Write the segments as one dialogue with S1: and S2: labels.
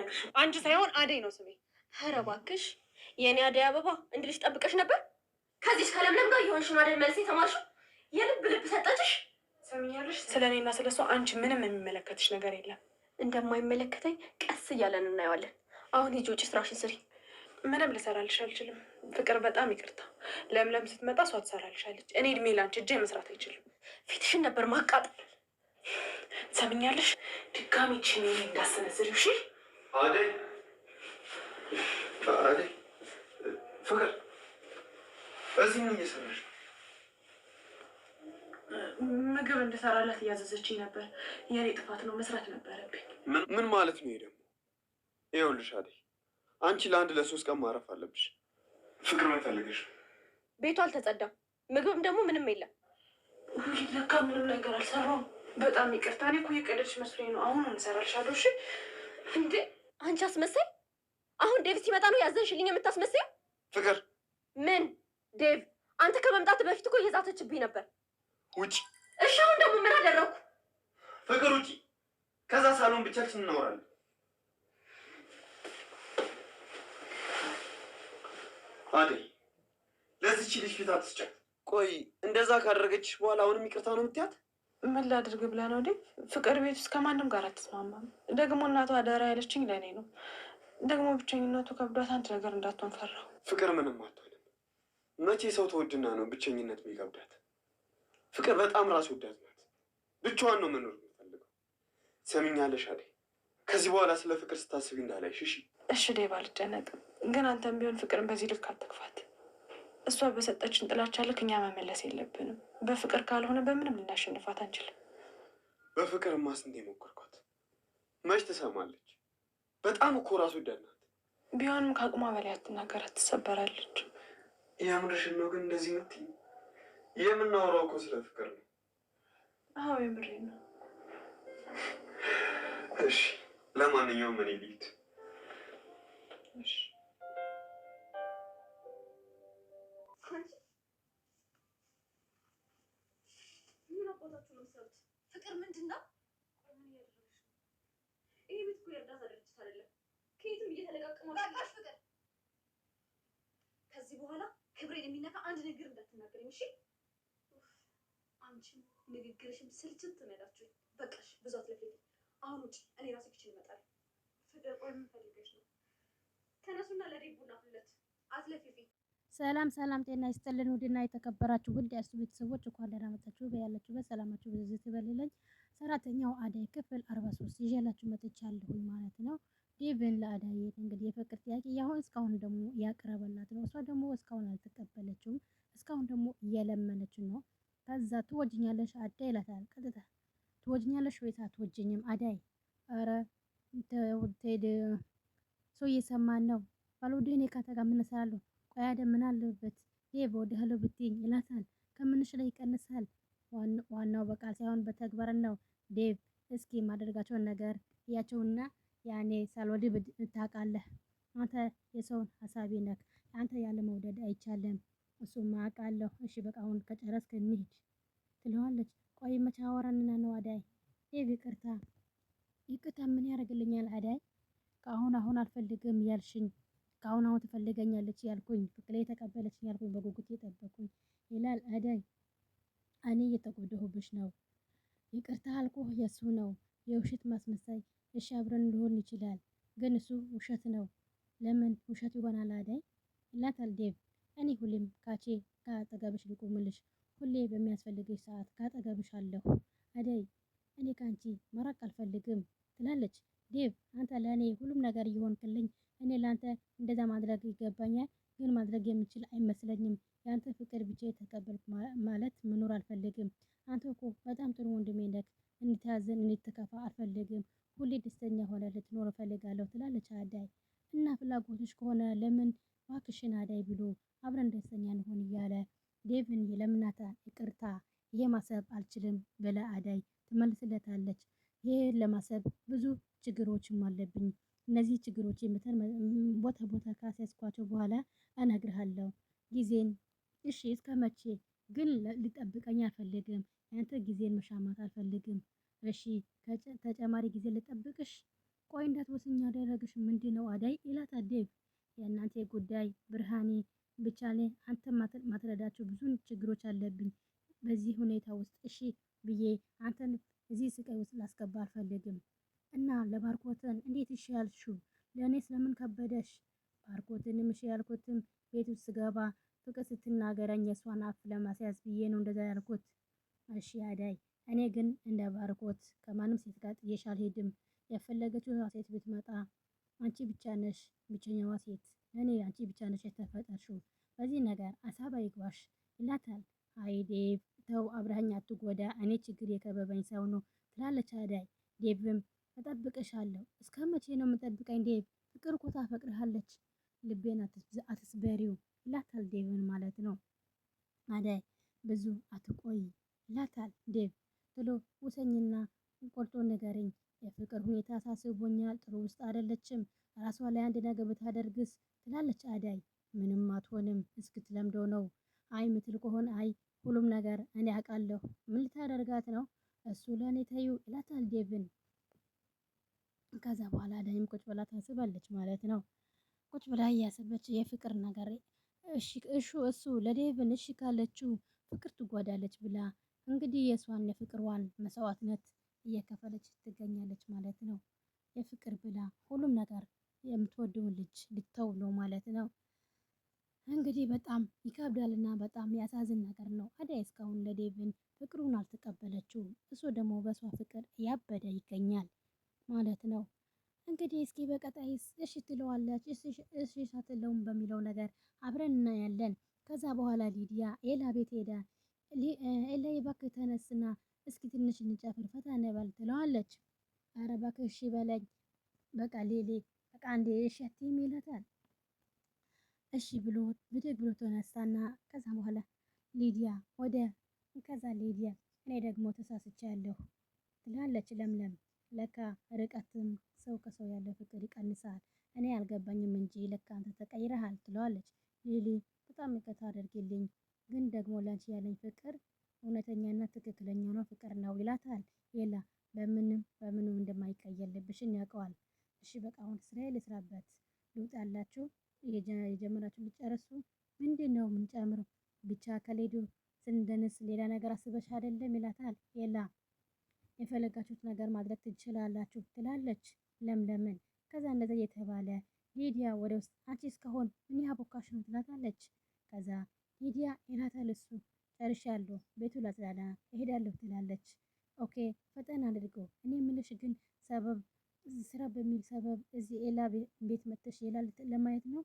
S1: ነው።
S2: አንቺ ሳይሆን አደይ ነው ስሜ።
S1: ኧረ እባክሽ የእኔ አደይ አበባ እንድልሽ ጠብቀሽ ነበር። ከዚህ ከለምለም ጋር የሆንሽ ነው አይደል? መልስ የተማርሽው የልብ ልብ ሰጠችሽ።
S2: ሰምኛለሽ። ስለ እኔና ስለ እሷ አንቺ ምንም የሚመለከትሽ ነገር የለም።
S1: እንደማይመለከተኝ ቀስ እያለን እናየዋለን። አሁን ሂጂ ውጭ ስራሽን ስሪ።
S2: ምንም ልሰራልሽ አልችልም። ፍቅር በጣም ይቅርታ። ለምለም ስትመጣ እሷ ትሰራልሻለች። እኔ እድሜ ላንቺ እጄ መስራት አይችልም።
S1: ፊትሽን ነበር ማቃጠል። ሰምኛለሽ። ድጋሚችን ችኔ እንዳስነዝር
S3: አደይ አደይ ፍቅር እዚህ ምን እየሰራሽ ነው?
S2: ምግብ እንድሰራላት እያዘዘችኝ ነበር። የእኔ ጥፋት ነው፣ መስራት ነበረብኝ።
S3: ምን ማለት ነው ይሄ ደግሞ? ይኸውልሽ አደይ፣ አንቺ ለአንድ ለሶስት ቀን ማረፍ አለብሽ። ፍቅር ምን ፈልገሽ?
S1: ቤቱ አልተጸዳም፣ ምግብም ደግሞ ምንም የለም።
S2: ለካ ምንም ነገር አልሰራውም። በጣም ይቅርታ። እኔ እኮ የቀደድሽ መስሎኝ ነው። አሁን እንሰራልሻለሁ። እሺ
S1: እንዴ አንቺ አስመሳይ! አሁን ዴቭ ሲመጣ ነው ያዘንሽልኝ የምታስመስይው? ፍቅር ምን ዴቭ፣ አንተ ከመምጣት በፊት እኮ እየዛተችብኝ ነበር። ውጭ! እሺ፣ አሁን ደግሞ ምን አደረኩ?
S3: ፍቅር ውጪ! ከዛ ሳሎን ብቻችን እናወራለን። አደይ፣ ለዚች ልጅ ፊት አትስጫት። ቆይ እንደዛ ካደረገች በኋላ አሁንም ይቅርታ ነው የምትያት?
S2: ምን ላድርግ ብላ ነው እንዴ? ፍቅር ቤት ውስጥ ከማንም ጋር አትስማማም። ደግሞ እናቷ አደራ ያለችኝ ለእኔ ነው። ደግሞ ብቸኝነቱ ከብዷት አንድ ነገር እንዳትሆን ፈራሁ።
S3: ፍቅር ምንም አትሆንም። መቼ ሰው ተወድና ነው ብቸኝነት የሚከብዳት? ፍቅር በጣም ራስ ወዳድ ናት። ብቻዋን ነው መኖር የምፈልገው። ሰሚኛለሽ አለ ከዚህ በኋላ ስለ ፍቅር ስታስቢ እንዳላይሽ እሺ?
S2: እሺ ዴቭ፣ አልጨነቅም። ግን አንተም ቢሆን ፍቅርን በዚህ ልክ አትግፋት። እሷ በሰጠችን ጥላቻ ልክ እኛ መመለስ የለብንም። በፍቅር ካልሆነ በምንም ልናሸንፋት አንችልም።
S3: በፍቅርማ ስንት የሞከርኳት መች ትሰማለች? በጣም እኮ ራሱ ደናት
S2: ቢሆንም ከአቅሟ በላይ አትናገራት፣ ትሰበራለች።
S3: የምርሽ ነው ግን እንደዚህ ምትይ? የምናወራው እኮ ስለ ፍቅር ነው።
S2: አዎ የምሬ ነው።
S3: እሺ ለማንኛውም እኔ ልሂድ። እሺ
S1: ከየትም እየተለቃቀመ በቃሽ ፍቅር፣ ከዚህ በኋላ ክብሬን የሚነካ አንድ ነገር እንዳትናገረኝ እሺ። አንቺም ንግግርሽም ስልችት ትነዳችሁ። በቃሽ ብዙ አትለፊልኝ። አሁን ውጭ፣ እኔ ራሴ እመጣለሁ።
S2: ፍቅር፣ ቆይ ምን ፈልገሽ ነው? ተነሱና ቡና ፍለት አትለፊልኝ።
S4: ሰላም ሰላም፣ ጤና ይስጥልን ውድና የተከበራችሁ ውድ የእሱ ቤተሰቦች እንኳን ደህና መጣችሁ። በያላችሁበት ሰላማችሁ ብዙ ይበልልኝ። ሰራተኛው አደይ ክፍል አርባ ሶስት ይዤላችሁ መጥቻለሁኝ ማለት ነው። ኢቨን ለአዳየት እንግዲህ የፍቅር ጥያቄ ያሁን እስካሁን ደግሞ ያቀረበላት ነው። እሷ ደግሞ እስካሁን አልተቀበለችውም። እስካሁን ደግሞ እየለመነች ነው። ከዛ ትወጅኛለሽ አዳይ ይላታል። ቀጥታ ትወጅኛለሽ ወይስ አትወጅኝም አዳይ? ኧረ ተወደድ ሰው እየሰማን ነው። ባልወድህ እኔ ካንተ ጋር ምን እሰራለሁ? ቆይ አይደል ምን አለበት ይሄ በወደህለው ብትይኝ ይላታል። ከምንሽ ላይ ይቀንሳል። ዋናው በቃል ሳይሆን በተግባር ነው። ዴቭ እስኪ የማደርጋቸውን ነገር እያቸውና ያኔ ሳልወድህ ታውቃለህ። አንተ የሰውን ሀሳቤ ነክ አንተ ያለ መውደድ አይቻልም። እሱማ አውቃለሁ እሺ በቃ አሁን ከጨረስክ እንሂድ ትለዋለች። ቆይ መቼ አወራንና ነው አዳይ? ዴቭ ይቅርታ ይቅርታ ምን ያደርግልኛል አዳይ? ከአሁን አሁን አልፈልግም ያልሽኝ ከአሁን አሁን ትፈልገኛለች ያልኩኝ ፍቅሬ ተቀበለችኝ ያልኩኝ በጉጉት የጠበኩኝ ይላል። አዳይ እኔ እየተጎዳሁብሽ ነው። ይቅርታ አልኩህ የእሱ ነው የውሸት ማስመሰል እሺ አብረን ሊሆን ይችላል፣ ግን እሱ ውሸት ነው። ለምን ውሸት ይሆናል አደይ ይላታል ዴቭ። እኔ ሁሌም ካቼ ከአጠገብሽ ልቁምልሽ፣ ሁሌ በሚያስፈልግሽ ሰዓት ካጠገብሽ አለሁ። አደይ እኔ ካንቺ መራቅ አልፈልግም ትላለች። ዴቭ አንተ ለእኔ ሁሉም ነገር እየሆንክልኝ፣ እኔ ለአንተ እንደዛ ማድረግ ይገባኛል፣ ግን ማድረግ የምችል አይመስለኝም። የአንተ ፍቅር ብቻ የተቀበልኩ ማለት መኖር አልፈልግም። አንተ እኮ በጣም ጥሩ ወንድሜ ነህ፣ እንድታዝን እንድትከፋ አልፈልግም። ሁሌ ደስተኛ ሆነ ልትኖር እፈልጋለሁ ትላለች አዳይ። እና ፍላጎቶች ከሆነ ለምን እባክሽን አዳይ ብሎ አብረን ደስተኛ እንሆን እያለ ዴቭን ለምናተ ይቅርታ፣ ይሄ ማሰብ አልችልም ብለ አዳይ ትመልስለታለች። ይህ ለማሰብ ብዙ ችግሮችም አለብኝ። እነዚህ ችግሮች ቦታ ቦታ ካስያዝኳቸው በኋላ እነግርሃለሁ። ጊዜን እሺ፣ እስከ መቼ ግን ልጠብቀኝ አልፈልግም። ያንተ ጊዜን መሻማት አልፈልግም። እሺ ተጨማሪ ጊዜ ልጠብቅሽ? ቆይ እንዳትወስኝ ያደረግሽ ምንድን ነው አዳይ? ይላታል ዴቭ። የእናንተ ጉዳይ ብርሃኔ፣ ብቻ አንተ ማትረዳቸው ብዙ ችግሮች አለብኝ በዚህ ሁኔታ ውስጥ እሺ ብዬ አንተን እዚህ ስቃይ ውስጥ ላስገባ አልፈልግም። እና ለባርኮትን እንዴት እሺ ያልሽው? ለእኔ ስለምን ከበደሽ? ባርኮትንም እሺ ያልኩትም ቤት ውስጥ ስገባ ፍቅር ስትናገረኝ የእሷን አፍ ለማስያዝ ብዬ ነው እንደዛ ያልኩት። እሺ አዳይ፣ እኔ ግን እንደ ባርኮት ከማንም ሴት ጋር ጥየሽ አልሄድም። ያፈለገችው ሴት ብትመጣ አንቺ ብቻ ነሽ ብቸኛዋ ሴት፣ እኔ አንቺ ብቻ ነሽ የተፈጠርሽው። በዚህ ነገር አሳብ አይግባሽ ይላታል። አይ ዴቭ ተው፣ አብረኸኝ አትጎዳ፣ እኔ ችግር የከበበኝ ሰው ነው ትላለች አዳይ። ዴቭም እጠብቅሻለሁ። እስከ መቼ ነው የምጠብቀኝ ዴቭ? ፍቅር እኮ ታፈቅርሃለች፣ ልቤን አትስበሪው ይላታል። ዴቭን ማለት ነው። አዳይ ብዙ አትቆይ ይላታል። ዴቭ ቶሎ ውሰኝና ቆርጦ ንገረኝ፣ የፍቅር ሁኔታ ሳስቦኛል፣ ጥሩ ውስጥ አይደለችም፣ ራሷ ላይ አንድ ነገር ብታደርግስ ትላለች አዳይ። ምንም አትሆንም እስክትለምደው ነው። አይ ምትል ከሆነ አይ ሁሉም ነገር እኔ አውቃለሁ፣ ምን ልታደርጋት ነው እሱ ለእኔ ተዩ ይላታል ዴቭን። ከዛ በኋላ አዳይም ቁጭ ብላ ታስባለች ማለት ነው። ቁጭ ብላ እያሰበች የፍቅር ነገር እሺ እሱ ለዴቭን እሺ ካለችው ፍቅር ትጓዳለች ብላ እንግዲህ የእሷን የፍቅሯን መስዋዕትነት እየከፈለች ትገኛለች ማለት ነው። የፍቅር ብላ ሁሉም ነገር የምትወደውን ልጅ ልተው ነው ማለት ነው። እንግዲህ በጣም ይከብዳልና በጣም ያሳዝን ነገር ነው። አደይ እስካሁን ለዴቭን ፍቅሩን አልተቀበለችውም። እሱ ደግሞ በሷ ፍቅር ያበደ ይገኛል ማለት ነው። እንግዲህ እስኪ በቀጣይስ እሺ ትለዋለች እሺ ሳትለውም በሚለው ነገር አብረን እናያለን። ከዛ በኋላ ሊዲያ ሌላ ቤት ሄዳ ኤላይ እባክህ ተነስና እስኪ ትንሽ እንጨፍር ፈታ እንበል ትለዋለች። ኧረ እባክህ እሺ በለኝ በቃ ሌሊ በቃ አንዴ እሺ ይላታል። እሺ ብሎ ብድግ ብሎ ተነሳና ከዛ በኋላ ሊዲያ ወደ ከዛ ሊዲያ እኔ ደግሞ ተሳስቻለሁ ትላለች ለምለም። ለካ ርቀትም ሰው ከሰው ያለ ፍቅር ይቀንሳል። እኔ አልገባኝም እንጂ ለካ አንተ ተቀይረሃል ትለዋለች ሊሊ። በጣም ይቅርታ አድርግልኝ ግን ደግሞ ላንቺ ያለኝ ፍቅር እውነተኛና ትክክለኛ ነው ፍቅር ነው ይላታል። ሌላ በምንም በምንም እንደማይቀየር ያውቀዋል። እሺ በቃ አሁን ስራዬ ልስራበት፣ ልውጣላችሁ፣ የጀመራችሁ ልጨርሱ። ምንድን ነው የምንጨምረው? ብቻ ከሌዱ ስንደንስ ሌላ ነገር አስበሽ አይደለም ይላታል። ሌላ የፈለጋችሁት ነገር ማድረግ ትችላላችሁ ትላለች ለምለምን። ከዛ እንደዛ የተባለ ሊዲያ ወደ ውስጥ አንቺ እስካሁን ምን ያቦካሽ ነው ትላታለች። ከዛ ሂዲያ ይላታል እሱ። ጨርሻለሁ፣ ቤቱ ላጽዳዳ እሄዳለሁ ትላለች። ኦኬ ፈጠን አድርገው። እኔ የምልሽ ግን ሰበብ ስራ በሚል ሰበብ እዚህ ኤላ ቤት መጥተሽ ኤላ ለማየት ነው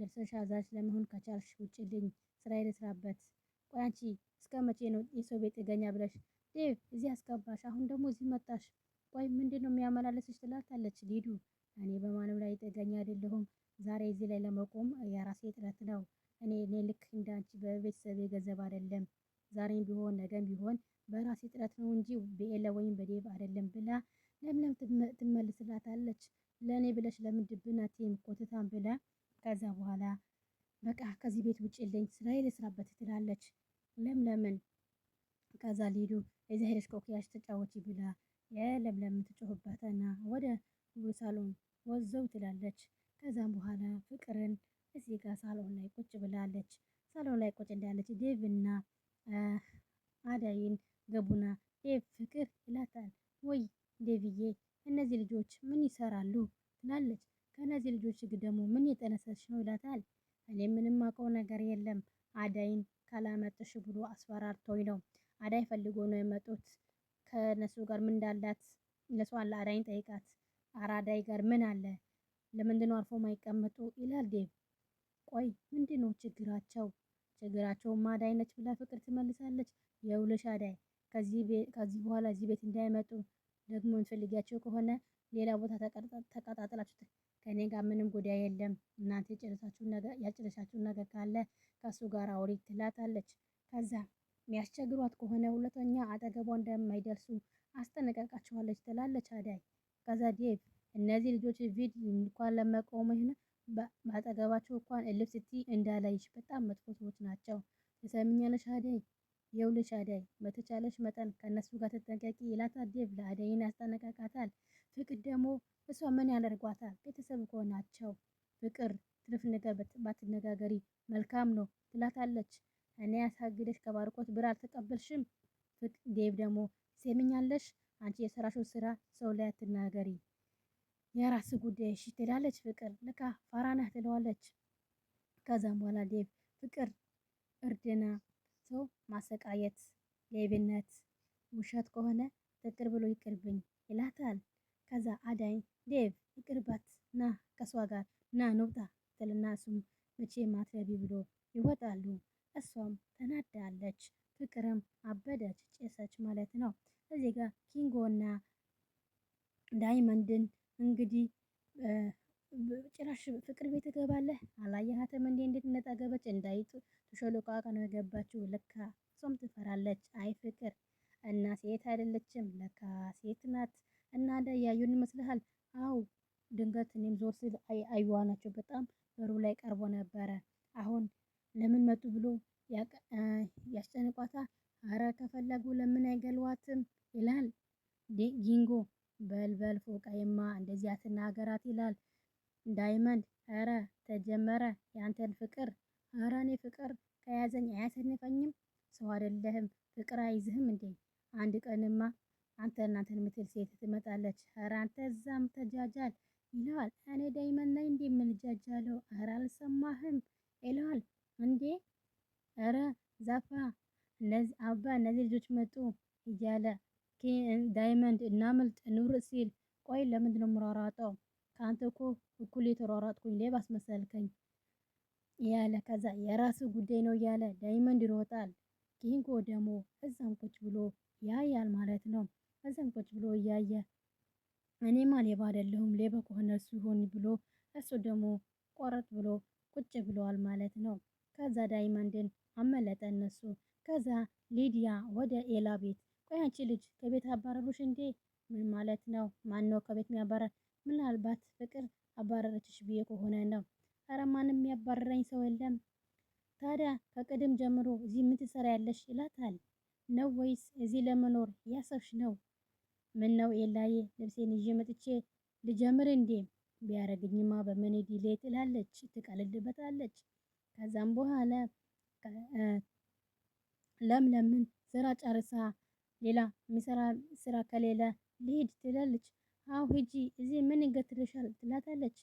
S4: ደርሰሽ አዛዥ ለመሆን ከቻልሽ ውጭልኝ፣ ስራ ልስራበት። ቆይ አንቺ እስከ መቼ ነው የሰው ቤት ጥገኛ ብለሽ ዴቭ እዚህ አስገባሽ፣ አሁን ደግሞ እዚህ መጣሽ። ቆይ ምንድን ነው የሚያመላለስሽ? ትላታለች ሊዱ። እኔ በማንም ላይ ጥገኛ አይደለሁም። ዛሬ እዚህ ላይ ለመቆም የራሴ ጥረት ነው። እኔ እኔ ልክ እንዳንቺ በቤተሰብ ገንዘብ አይደለም ዛሬም ቢሆን ነገም ቢሆን በራሴ ጥረት ነው እንጂ በኤለ ወይም በዴቭ አይደለም ብላ ለምለም ትመልስላታለች። ለእኔ ብለሽ ለምንድብን አትይም ቆትታን ብላ ከዛ በኋላ በቃ ከዚህ ቤት ውጭልኝ ስራዬ ልስራበት ትላለች ለምለምን። ከዛ ሊዱ የዚ ሄደሽ ኮክያሽ ተጫወች ብላ የለምለምን ትጮህባትና ወደ ሳሎን ወዘው ትላለች። ከዛም በኋላ ፍቅርን እዚህ ጋር ሳሎን ላይ ቁጭ ብላለች። ሳሎን ላይ ቁጭ እንዳለች ዴቭ እና አዳይን ገቡና ዴቭ ፍቅር ይላታል። ወይ ዴቭዬ እነዚህ ልጆች ምን ይሰራሉ ትላለች። ከእነዚህ ልጆች ደግሞ ምን የጠነሰች ነው ይላታል። እኔ ምንም አውቀው ነገር የለም አዳይን ካላመጥሽ ብሎ አስፈራርቶኝ ነው። አዳይ ፈልጎ ነው የመጡት። ከእነሱ ጋር ምን እንዳላት እነሷን ለአዳይን ጠይቃት። አራዳይ ጋር ምን አለ? ለምንድነው አርፎ ማይቀመጡ ይላል ዴቭ ቆይ ምንድን ነው ችግራቸው? ችግራቸውማ አዳይ ነች ብላ ፍቅር ትመልሳለች። የውልሽ አዳይ ከዚህ በኋላ እዚህ ቤት እንዳይመጡ ደግሞ እንፈልጊያቸው ከሆነ ሌላ ቦታ ተቀጣጥላችሁ ከእኔ ጋር ምንም ጉዳይ የለም። እናንተ ያጨረሳችሁን ነገር ካለ ከእሱ ጋር አውሪ ትላታለች። ከዛ የሚያስቸግሯት ከሆነ ሁለተኛ አጠገቧ እንደማይደርሱ አስጠነቀቃችኋለች ትላለች አዳይ። ከዛ ዴቭ እነዚህ ልጆች ቪድ እንኳን ለመቆሙ በአጠገባቸው እንኳን እልፍ ስትይ እንዳላይሽ በጣም መጥፎ ሰዎች ናቸው። ትሰሚኛለሽ አደይ፣ ይኸውልሽ አደይ በተቻለሽ መጠን ከእነሱ ጋር ተጠንቀቂ ይላታል ዴቭ። ለአደይን ያስጠነቀቃታል። ፍቅር ደግሞ እሷ ምን ያደርጓታል? ቤተሰብ እኮ ናቸው። ፍቅር ትርፍ ነገር ባትነጋገሪ መልካም ነው ትላታለች። እኔ ያሳግደሽ ከባርኮት ብር አልተቀበልሽም። ዴቭ ደግሞ ትሰሚኛለሽ፣ አንቺ የሰራሽው ስራ ሰው ላይ አትናገሪ የራስ ጉዳይ እሺ ትላለች ፍቅር። ልካ ፋራናህ ትለዋለች። ከዛም በኋላ ዴቭ ፍቅር እርድና ሰው ማሰቃየት፣ ሌብነት፣ ውሸት ከሆነ ፍቅር ብሎ ይቅርብኝ ይላታል። ከዛ አዳይ ዴቭ ይቅርባት ና ከሷ ጋር ና ንውጣ ትልና እሱም መቼ ማትረቢ ብሎ ይወጣሉ። እሷም ተናዳለች፣ ፍቅርም አበደች፣ ጭሰች ማለት ነው። እዚህ ጋር ኪንጎና ዳይመንድን እንግዲህ ጭራሽ ፍቅር ቤት እገባለህ አላየሃትም እንዴ? እንዴት እንደጠገበች እንዳይጡ ተሾልቃ ነው የገባችው። ለካ እሷም ትፈራለች። አይ ፍቅር እና ሴት አይደለችም ለካ ሴት ናት። እና ደ ያዩን ይመስልሃል? አው ድንገት እኔም ዞር ስል አዩዋ ናቸው። በጣም በሩ ላይ ቀርቦ ነበረ። አሁን ለምን መጡ ብሎ ያስጨንቋታ። አረ ከፈለጉ ለምን አይገልዋትም ይላል ጊንጎ በልበል ፎቃዬማ እንደዚህ አትናገራት ይላል ዳይመንድ። ኧረ ተጀመረ ያንተን ፍቅር። ኧረ እኔ ፍቅር ከያዘኝ አያሰንፈኝም። ሰው አይደለህም ፍቅር አይዝህም እንዴ? አንድ ቀንማ አንተ እናንተን የምትል ሴት ትመጣለች። ኧረ አንተ እዛም ተጃጃል ይለዋል። እኔ ዳይመንድ ላይ እንዴ የምንጃጃለው? ኧረ አልሰማህም ይለዋል። እንዴ ኧረ ዛፋ አባ እነዚህ ልጆች መጡ እያለ ዳይመንድ እናምልጥ ኑር ሲል ቆይ ለምንድን ነው የምሯሯጠው? ከአንተ እኮ እኩል የተሯሯጥኩኝ ሌባ አስመሰልከኝ ያለ ከዛ የራሱ ጉዳይ ነው እያለ ዳይመንድ ይሮጣል። ኪንጎ ደግሞ እዛም ቁጭ ብሎ ያያል ማለት ነው። እዛም ቁጭ ብሎ እያየ እኔማ ሌባ አይደለሁም ሌባ ከሆነ እሱ ይሆን ብሎ እሱ ደግሞ ቆረጥ ብሎ ቁጭ ብለዋል ማለት ነው። ከዛ ዳይመንድን አመለጠ እነሱ። ከዛ ሊዲያ ወደ ኤላ ቤት ቆይ አንቺ ልጅ ከቤት አባረሩሽ እንዴ? ምን ማለት ነው? ማን ነው ከቤት የሚያባረር? ምናልባት ፍቅር አባረረችሽ ብዬ ከሆነ ነው። ኧረ ማንም የሚያባረረኝ ሰው የለም። ታዲያ ከቅድም ጀምሮ እዚህ ምን ትሰሪያለሽ? ይላታል። ነው ወይስ እዚህ ለመኖር እያሰብሽ ነው? ምን ነው ኤላዬ፣ ልብሴን ይዤ መጥቼ ልጀምር እንዴ? ቢያረግኝማ በምን ዲሌ ትላለች፣ ትቀልድበታለች። ከዛም በኋላ ለምለምን ስራ ጨርሳ ሌላ የሚሰራ ስራ ከሌለ ልሂድ ትላለች። አዎ ሂጂ፣ እዚህ ምን ይገትልሻል ትላታለች።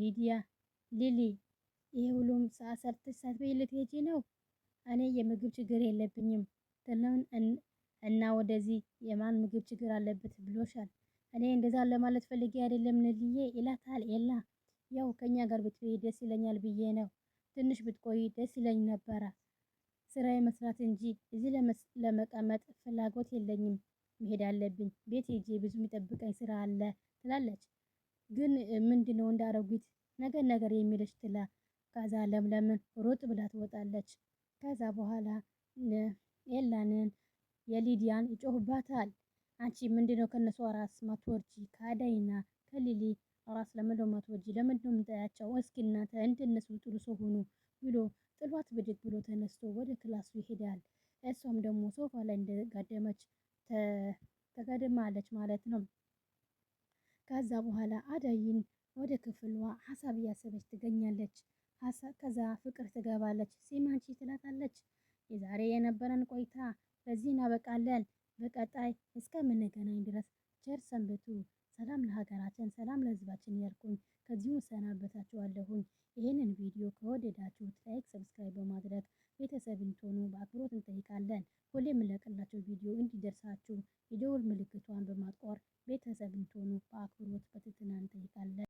S4: ሊዲያ ሊሊ ይሄ ሁሉም ሰዓት ሰርተሽ ሳትበይ ልትሄጂ ነው? እኔ የምግብ ችግር የለብኝም ትለውን እና ወደዚህ የማን ምግብ ችግር አለበት ብሎሻል? እኔ እንደዛ ለማለት ፈልጌ አይደለም ንልዬ ይላታል። ኤላ ያው ከኛ ጋር ብትቆይ ደስ ይለኛል ብዬ ነው። ትንሽ ብትቆይ ደስ ይለኝ ነበረ። ስራዬ መስራት እንጂ እዚህ ለመቀመጥ ፍላጎት የለኝም። መሄድ አለብኝ ቤት ሄጄ ብዙ የሚጠብቀኝ ስራ አለ ትላለች። ግን ምንድነው እንደ አሮጊት ነገር ነገር የሚለች ትላ ከዛ ለምለምን ሮጥ ብላ ትወጣለች። ከዛ በኋላ ኤላንን የሊዲያን ይጮህባታል። አንቺ ምንድነው ከነሱ አራስ ማትወርጂ ከአዳይና ከሊሊ ራስ ለምንድነው የማትወጂ? ለምንድነው የምታያቸው? እስኪ እናንተ እንደነሱ ጥሩ ሰው ሆኑ ብሎ ጥሏት ብድግ ብሎ ተነስቶ ወደ ክላሱ ይሄዳል። እሷም ደግሞ ሶፋ ላይ እንደጋደመች ተጋድማለች ማለት ነው። ከዛ በኋላ አደይን ወደ ክፍሏ ሀሳብ እያሰበች ትገኛለች። ከዛ ፍቅር ትገባለች። ሲማንቺ ትላታለች። የዛሬ የነበረን ቆይታ በዚህ እናበቃለን። በቀጣይ እስከምንገናኝ ድረስ ቸር ሰንብቱ። ሰላም ለሀገራችን፣ ሰላም ለሕዝባችን እያልኩኝ ከዚሁ እሰናበታችኋለሁኝ። ይህንን ቪዲዮ ከወደዳችሁት ላይክ፣ ሰብስክራይብ በማድረግ ቤተሰብ እንድትሆኑ በአክብሮት እንጠይቃለን። ሁሌ የምለቅላቸው ቪዲዮ እንዲደርሳችሁ የደወል ምልክቷን በማጥቆር ቤተሰብ እንድትሆኑ በአክብሮት በትህትና እንጠይቃለን።